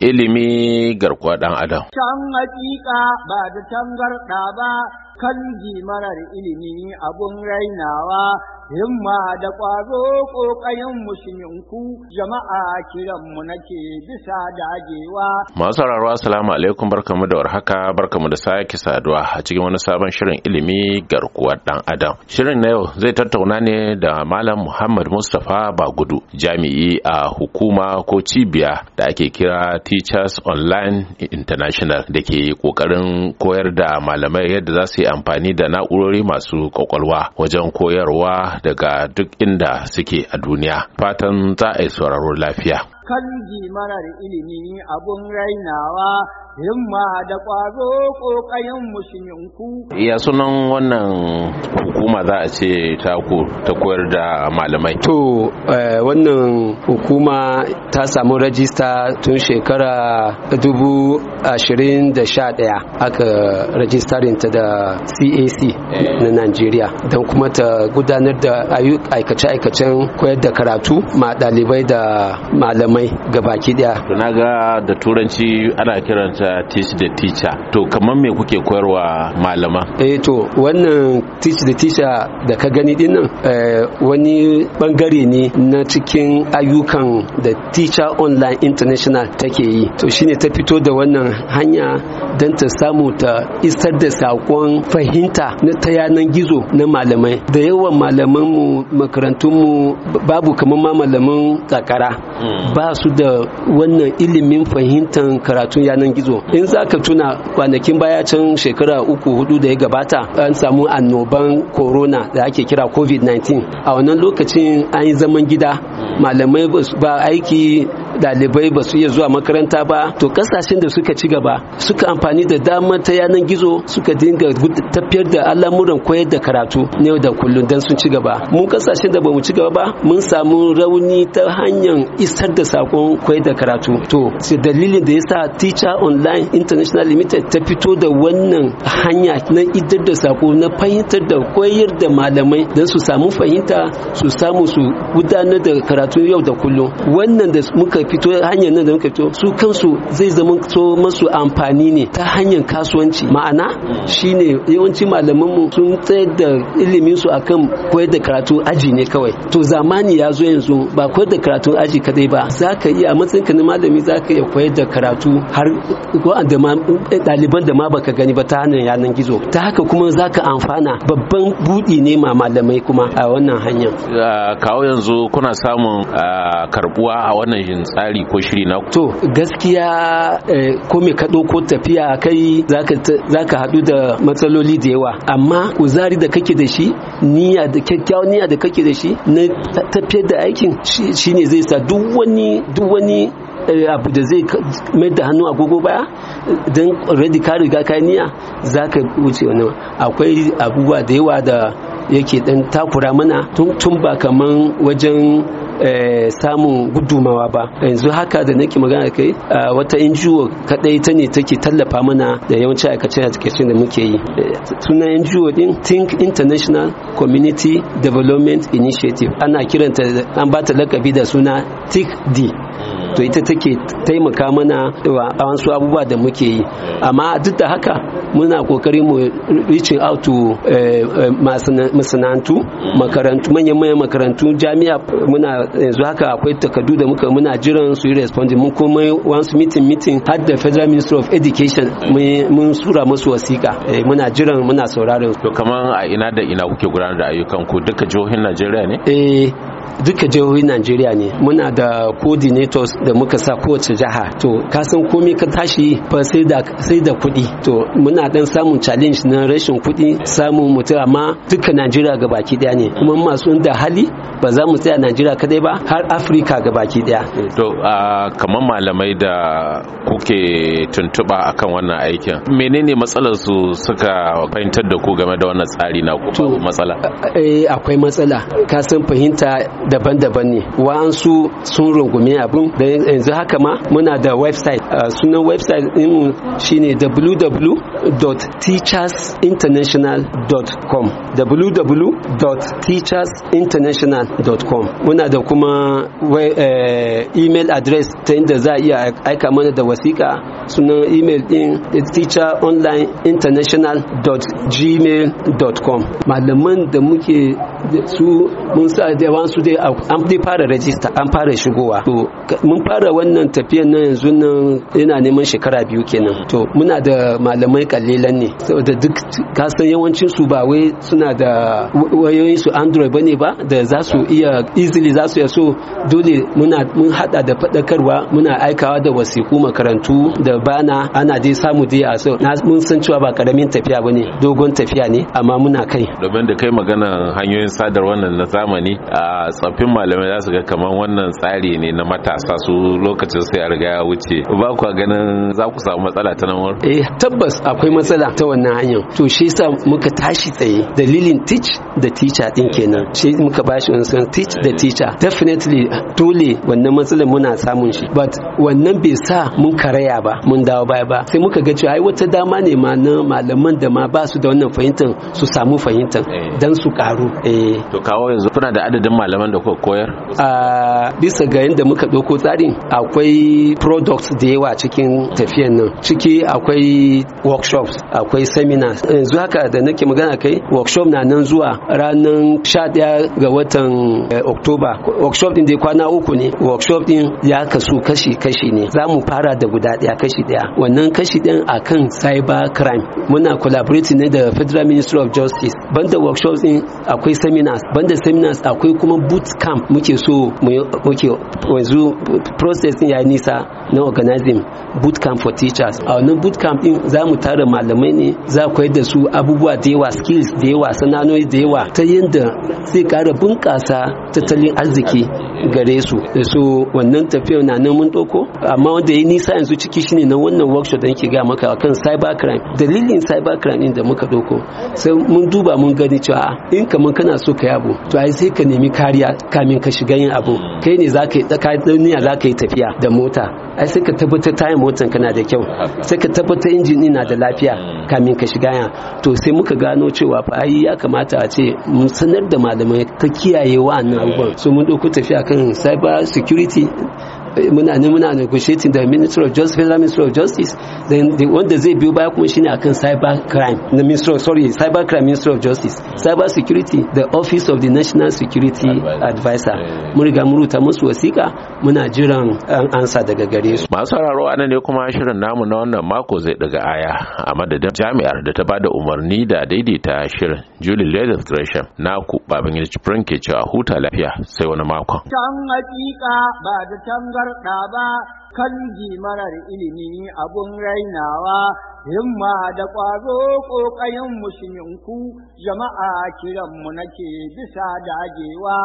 ilimi garkuwa ɗan adam. Can hakika ba da tangarɗa ba kan marar ilimi abun rainawa himma da ƙwazo ƙayan musulminku jama'a kiranmu nake bisa dajewa. Masu sauraro assalamu alaikum barkamu da warhaka barkamu da sake saduwa a cikin wani sabon shirin ilimi garkuwar ɗan adam. Shirin na yau zai tattauna ne da Malam Muhammad Mustapha Bagudu jami'i a hukuma ko cibiya da ake kira Teachers Online International da ke ƙoƙarin koyar da malamai yadda za su yi amfani da na'urori masu ƙwaƙwalwa wajen koyarwa daga duk inda suke a duniya fatan za a yi sauraro lafiya kan mana da ilimi abun rainawa himma da kwazo ƙoƙayen mushinku Ya sunan wannan hukuma za a ce taku ta koyar da malamai. To eh, wannan hukuma ta samu rajista tun shekara dubu ashirin ɗaya aka rajistarin ta da CAC na Najeriya don kuma ta gudanar da aikace-aikacen koyar da karatu ma ɗalibai da malamai gabaki ɗaya. Na ga da turanci ana kiranta teach the teacher to kamar me kuke koyarwa malama eh to wannan teach the teacher da ka gani din nan eh, wani bangare ne na cikin ayyukan da teacher online international take yi to shine ta fito da wannan hanya don ta samu ta isar da sakon fahimta na ta gizo na malamai da yawan malaman mu makarantun mu babu kamar ma malaman kakara hmm. ba su da wannan ilimin fahimtar karatun yanan gizo zo in za ka tuna kwanakin baya can shekara uku hudu da ya gabata an samu annoban corona da ake kira covid-19 a wannan lokacin an yi zaman gida malamai ba aiki Dalibai ba su iya zuwa makaranta ba to kasashen da suka ci gaba suka amfani da dama ta yanar gizo suka dinga tafiyar da al'amuran koyar da karatu ne da kullum dan sun ci gaba mun kasashen da bamu ci gaba ba mun samu rauni ta hanyar isar da sakon koyar da karatu to sai dalilin da yasa teacher online international limited ta fito da wannan hanya na idar da sako na fahimtar da koyar da malamai dan su samu fahimta su samu su gudanar da karatu yau da kullum wannan da muka fito hanyar nan da muka fito su kansu zai zama to masu amfani ne ta hanyar kasuwanci ma'ana shine yawancin malaman mu sun tsayar da ilimin su akan koyar da karatu aji ne kawai to zamani ya zo yanzu ba koyar da karatu aji kadai ba zaka iya a matsayin ka na malami zaka iya koyar da karatu har da daliban da ma baka gani ba ta hanyar yanar gizo ta haka kuma zaka amfana babban budi ne ma malamai kuma a wannan hanyar kawo yanzu kuna samun karbuwa a wannan tsari ko shiri na to gaskiya eh, ko me ka ko tafiya kai zaka haɗu da matsaloli da yawa amma kuzari da kake da shi niyya da kyakkyawa niyya da kake da shi na tafiyar da aikin shine zai sa duk wani duk wani eh, abu da zai mai da hannu agogo baya don already ka riga ka niyya za ka wuce wani akwai abubuwa da yawa da yake dan takura mana tun ba kaman wajen Eh, samun gudumawa ba yanzu haka da nake magana da kai ah, wata NGO kadai ta ne take tallafa mana da yawanci aikace cikin da muke yi eh, sunan NGO din Think International Community Development Initiative ana kiranta an ba ta lakabi da suna d mm. to ita take taimaka mana a wasu abubuwa da muke yi mm. amma duk da haka muna kokari mu reaching out to eh, masana'antu mm. makarantu manyan manyan makarantu jami'a muna yanzu haka akwai takardu da muka muna jiran su yi responding mun kuma once meeting meeting har da federal ministry of education mun sura musu wasiƙa eh, muna jiran muna sauraron to kaman a ina da ina kuke gudanar da ayyukan ku duka jihohin Najeriya ne eh duka jihohin Najeriya ne muna da coordinators da muka sa kowace jiha to san komai ka tashi fa sai da sai da kuɗi to muna dan samun challenge na rashin kuɗi samun mutum amma duka Najeriya ga baki daya ne kuma masu da hali ba za mu tsaya Najeriya kadai ba har Africa ga baki daya to kamar malamai da kuke tuntuba akan wannan aikin menene matsalar su suka fahimtar da ku game da wannan tsari na ku matsala eh akwai matsala kasan fahimta daban-daban ne wa'ansu sun rungumi abin da yanzu haka ma muna da website Uh, sunan website din shine www.teachersinternational.com www.teachersinternational.com muna da kuma eh, email address ta inda za a iya aika mana da wasika sunan email din teacheronlineinternational.gmail.com malaman da muke su mun sa da su dai an fara rajista an fara shigowa mun fara wannan tafiyan nan yanzu nan yana neman shekara biyu kenan to muna da malamai kalilan ne saboda duk kasan yawancin su ba wai suna da wayoyin su android bane ba da za su iya easily za su ya so dole muna mun hada da fadakarwa muna aikawa da wasiku makarantu da bana ana dai samu dai a so na mun san cewa ba karamin tafiya bane dogon tafiya ne amma muna kai domin da kai magana hanyoyin sadar nan na zamani a tsaffin malamai za su ga kamar wannan tsari ne na matasa su lokacin sai a riga ya wuce ba ku ganin za ku samu matsala ta nan wurin eh tabbas akwai matsala ta wannan hanyar to shi yasa muka tashi tsaye dalilin teach da teacher din kenan shi muka bashi wani sunan teach da teacher definitely dole wannan matsalar muna samun shi but wannan bai sa mun karaya ba mun dawo baya ba sai muka ga cewa ai wata dama ne ma na malaman da ma ba su da wannan fahimtar su samu fahimtar eh. dan su karu eh to kawo yanzu kuna da adadin malaman da kuka koyar a ah, bisa ga yadda muka dauko tsarin akwai products da yawa yawa cikin tafiyan nan ciki akwai workshops akwai seminars yanzu haka da nake magana kai workshop na nan zuwa ranar 11 ga watan eh, october workshop din dai kwana uku ne workshop din ya kasu kashi-kashi ne za mu fara da guda daya kashi daya wannan kashi din akan cyber crime muna collaborating ne da federal ministry of justice banda workshops din akwai seminars banda seminars akwai kuma boot camp muke so muke yanzu process ya nisa na organizing irin boot camp for teachers a wannan boot camp din za mu tara malamai ne za ku da su abubuwa da yawa skills da yawa sana'o'i da yawa ta yadda zai kara bunƙasa tattalin arziki gare su su wannan tafiyar na nan mun doko amma wanda ya nisa yanzu ciki shine na wannan workshop da nake ga maka kan cyber crime dalilin cyber crime din da muka doko sai mun duba mun gani cewa in kaman kana so ka yabo to ai sai ka nemi kariya kamin ka shiga yin abu kai ne zaka yi tsaka duniya zaka yi tafiya da mota ai sai ka tabbatar tayin motan kana da kyau sai ka tabbatar injin na da lafiya kamin ka shiga yan to sai muka gano cewa fa ai ya kamata a ce mun sanar da malamai ka kiyaye wa'annan abubuwan su mun ɗauko tafiya kan cyber security muna ne muna negotiating da minister of justice federal minister of justice then the wanda zai biyo baya kuma shine akan cyber crime na ministry sorry cyber crime minister of justice cyber security the office of the national security advisor mun riga mun rubuta musu wasika muna jiran an ansa daga gare su masu sauraro anan ne kuma shirin namu na wannan mako zai daga aya a madadin jami'ar da ta bada umarni da daidaita shirin Julie Leather Gresham na ku babin Prince ke cewa huta lafiya sai wani makon can hakika ba da tangar sharɗa ba kan marar ilimi abun rainawa himma da ƙwazo ƙoƙayen musulminku jama'a kiranmu nake bisa dagewa